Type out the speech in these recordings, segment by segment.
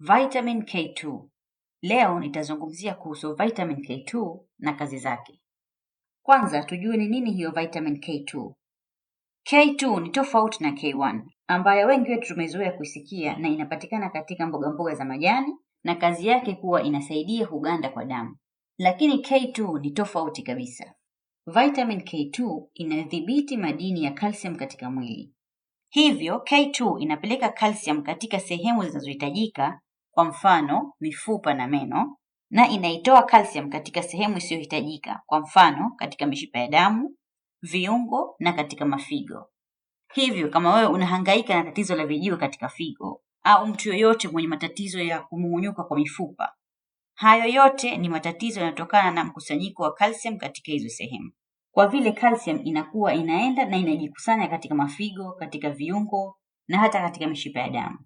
Vitamin K2. Leo nitazungumzia kuhusu vitamin K2 na kazi zake. Kwanza tujue ni nini hiyo vitamin K2. K2 ni tofauti na K1 ambayo wengi wetu tumezoea kuisikia na inapatikana katika mboga mboga za majani na kazi yake kuwa inasaidia kuganda kwa damu. Lakini K2 ni tofauti kabisa. Vitamin K2 inadhibiti madini ya calcium katika mwili. Hivyo K2 inapeleka calcium katika sehemu zinazohitajika kwa mfano mifupa na meno, na inaitoa calcium katika sehemu isiyohitajika, kwa mfano katika mishipa ya damu, viungo na katika mafigo. Hivyo kama wewe unahangaika na tatizo la vijio katika figo au mtu yoyote mwenye matatizo ya kumung'unyuka kwa mifupa, hayo yote ni matatizo yanayotokana na mkusanyiko wa calcium katika hizo sehemu. Kwa vile calcium inakuwa inaenda na inajikusanya katika mafigo, katika viungo na hata katika mishipa ya damu.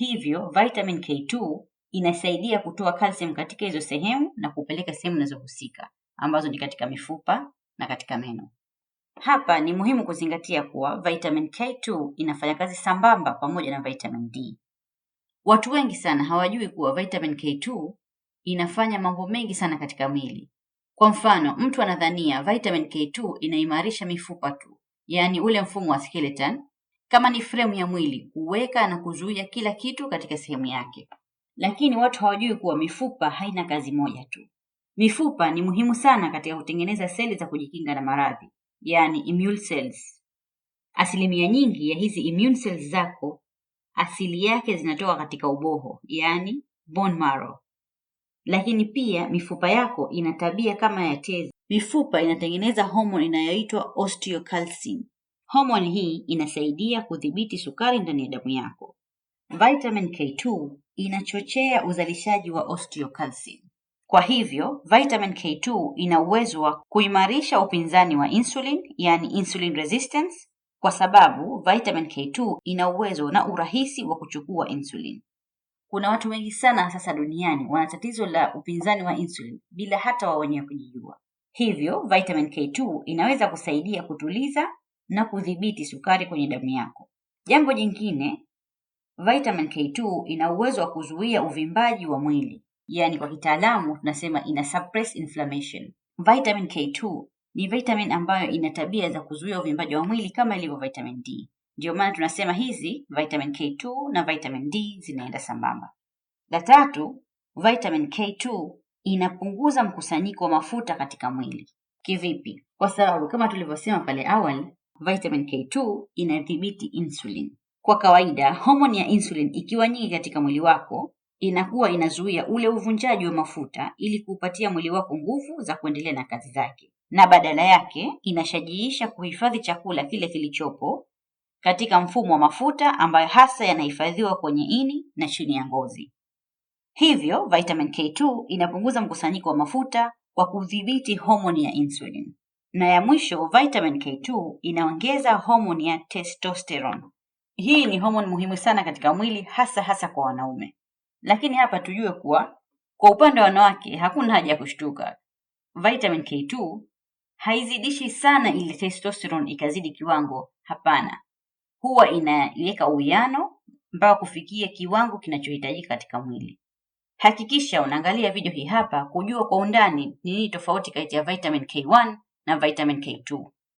Hivyo vitamin K2 inasaidia kutoa calcium katika hizo sehemu na kupeleka sehemu zinazohusika ambazo ni katika mifupa na katika meno. Hapa ni muhimu kuzingatia kuwa vitamin K2 inafanya kazi sambamba pamoja na vitamin D. Watu wengi sana hawajui kuwa vitamin K2 inafanya mambo mengi sana katika mwili. Kwa mfano, mtu anadhania vitamin K2 inaimarisha mifupa tu, yaani ule mfumo wa skeleton, kama ni fremu ya mwili huweka na kuzuia kila kitu katika sehemu yake. Lakini watu hawajui kuwa mifupa haina kazi moja tu. Mifupa ni muhimu sana katika kutengeneza seli za kujikinga na maradhi, yani immune cells. Asilimia nyingi ya hizi immune cells zako asili yake zinatoka katika uboho, yani bone marrow. Lakini pia mifupa yako ina tabia kama ya tezi. Mifupa inatengeneza homoni inayoitwa osteocalcin Homoni hii inasaidia kudhibiti sukari ndani ya damu yako. Vitamin K2 inachochea uzalishaji wa osteocalcin. Kwa hivyo, vitamin K2 ina uwezo wa kuimarisha upinzani wa insulin, yani insulin resistance, kwa sababu vitamin K2 ina uwezo na urahisi wa kuchukua insulin. Kuna watu wengi sana sasa duniani wana tatizo la upinzani wa insulin bila hata wao wenyewe kujijua. Hivyo, vitamin K2 inaweza kusaidia kutuliza na kudhibiti sukari kwenye damu yako. Jambo jingine, vitamin K2 ina uwezo wa kuzuia uvimbaji wa mwili, yaani kwa kitaalamu tunasema ina suppress inflammation. Vitamin K2 ni vitamin ambayo ina tabia za kuzuia uvimbaji wa mwili kama ilivyo vitamin D. Ndio maana tunasema hizi vitamin K2 na vitamin D zinaenda sambamba. La tatu, vitamin K2 inapunguza mkusanyiko wa mafuta katika mwili. Kivipi? Kwa sababu kama tulivyosema pale awali, Vitamin K2 inadhibiti insulin. Kwa kawaida, homoni ya insulin ikiwa nyingi katika mwili wako inakuwa inazuia ule uvunjaji wa mafuta ili kuupatia mwili wako nguvu za kuendelea na kazi zake, na badala yake inashajiisha kuhifadhi chakula kile kilichopo katika mfumo wa mafuta ambayo hasa yanahifadhiwa kwenye ini na chini ya ngozi. Hivyo, vitamin K2 inapunguza mkusanyiko wa mafuta kwa kudhibiti homoni ya insulin na ya mwisho vitamin K2 inaongeza homoni ya testosterone. Hii ni homoni muhimu sana katika mwili hasa hasa kwa wanaume, lakini hapa tujue kuwa kwa upande wa wanawake hakuna haja ya kushtuka. Vitamin K2 haizidishi sana ili testosterone ikazidi kiwango, hapana. Huwa inaiweka uwiano mpaka kufikia kiwango kinachohitajika katika mwili. Hakikisha unaangalia video hii hapa kujua kwa undani ni nini tofauti kati ya vitamin K1 vitamin K2